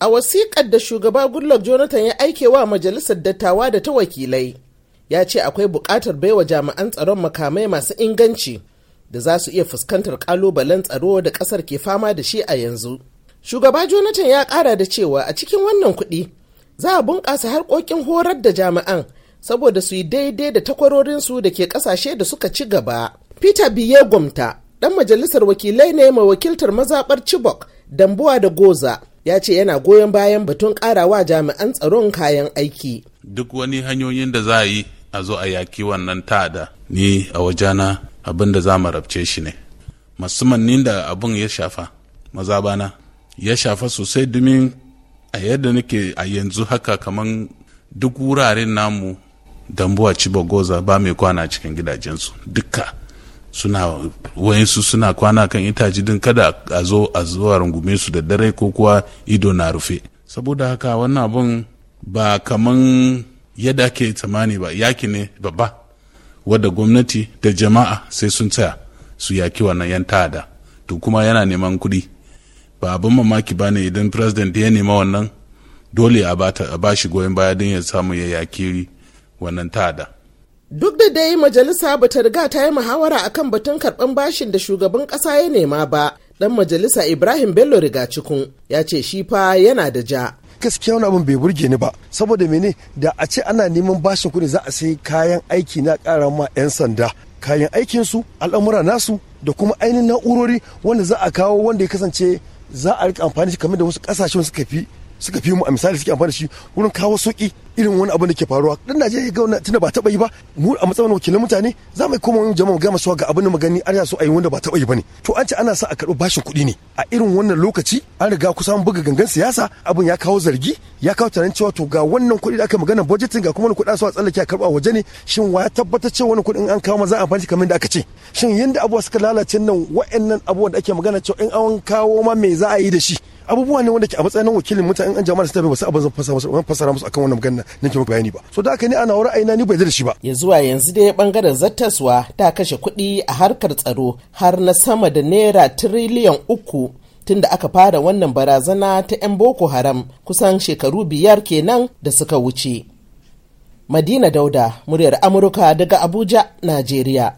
A wasiƙar da shugaba Goodluck Jonathan ya aike wa majalisar dattawa da ta wakilai, ya ce akwai buƙatar baiwa jami'an tsaron makamai masu inganci da za su iya fuskantar ƙalubalen tsaro da ƙasar ke fama da shi a yanzu. Shugaba Jonathan ya ƙara da cewa a cikin wannan kuɗi za a bunƙasa harkokin horar da jami'an saboda su yi daidai da takwarorinsu da ke ƙasashe da suka ci gaba. Peter Biye Gwamta, ɗan majalisar wakilai ne mai wakiltar mazaɓar Chibok, Dambuwa da Goza. ya ce yana goyon bayan batun karawa jami'an tsaron kayan aiki duk wani hanyoyin da za a yi a zo a yaki wannan ta'ada ni a wajena abin da za mu rabce shi ne musamman da abin ya shafa maza bana ya shafa sosai domin a yadda nake a yanzu haka kamar duk wuraren namu dambuwa ci ba mai kwana cikin gidajensu duka suna wayansu suna kwana kan itace din kada a zo a zuwa rungume su da dare ko kuwa ido na rufe saboda haka wannan abun ba kaman yadda ake tsammani ba yaki ne babba wadda gwamnati da jama'a sai sun tsaya su yaki wannan yan ta'ada to kuma yana neman kuɗi ba abin mamaki ba ne idan president ya nema wannan dole a ba shi goyon baya don ya samu ya yaki wannan ta'ada Duk da dai majalisa ba ta riga ta yi muhawara akan batun karɓan bashin da shugaban ƙasa ya nema ba, ɗan majalisa Ibrahim Bello riga cikun ya ce shi fa yana da ja. gaskiya wani abin bai burge ni ba saboda mene da a ce ana neman bashin kuɗi za a sai kayan aiki na ƙara ma 'yan sanda kayan aikinsu al'amura nasu da kuma ainihin na'urori wanda za a kawo wanda ya kasance za a rika amfani shi kamar da wasu ƙasashen suka fi suka fi mu a misali suke amfani da shi wurin kawo soki irin wani abu da ke faruwa dan Najeriya ga wannan tunda ba taba yi ba mu a matsayin wakilin mutane za mu koma mu jama'a ga masu ga abin da magani ana so a yi wanda ba taba yi bane to an ce ana sa a karɓi bashin kuɗi ne a irin wannan lokaci an riga kusan buga gangan siyasa abin ya kawo zargi ya kawo tunanin cewa to ga wannan kuɗi da aka magana budgeting ga kuma kuɗi a so a tsallake a karɓa waje ne shin wa ya tabbatar cewa wannan kuɗin an kawo maza amfani kamar da aka ce shin yanda abuwa suka lalace nan wa'annan abubuwan da ake magana cewa in an kawo ma me za a yi da shi abubuwa ne wanda ke a matsayin wakilin mutane an jama'a sun tafi ba su abin zan fasa musu wani fasara musu akan wannan magana nake ke bayani ba so da haka ni ana wara aina ni bai da shi ba ya zuwa yanzu dai bangaren zattaswa ta kashe kuɗi a harkar tsaro har na sama da naira tiriliyan uku tunda aka fara wannan barazana ta 'yan boko haram kusan shekaru biyar kenan da suka wuce madina dauda muryar amurka daga abuja najeriya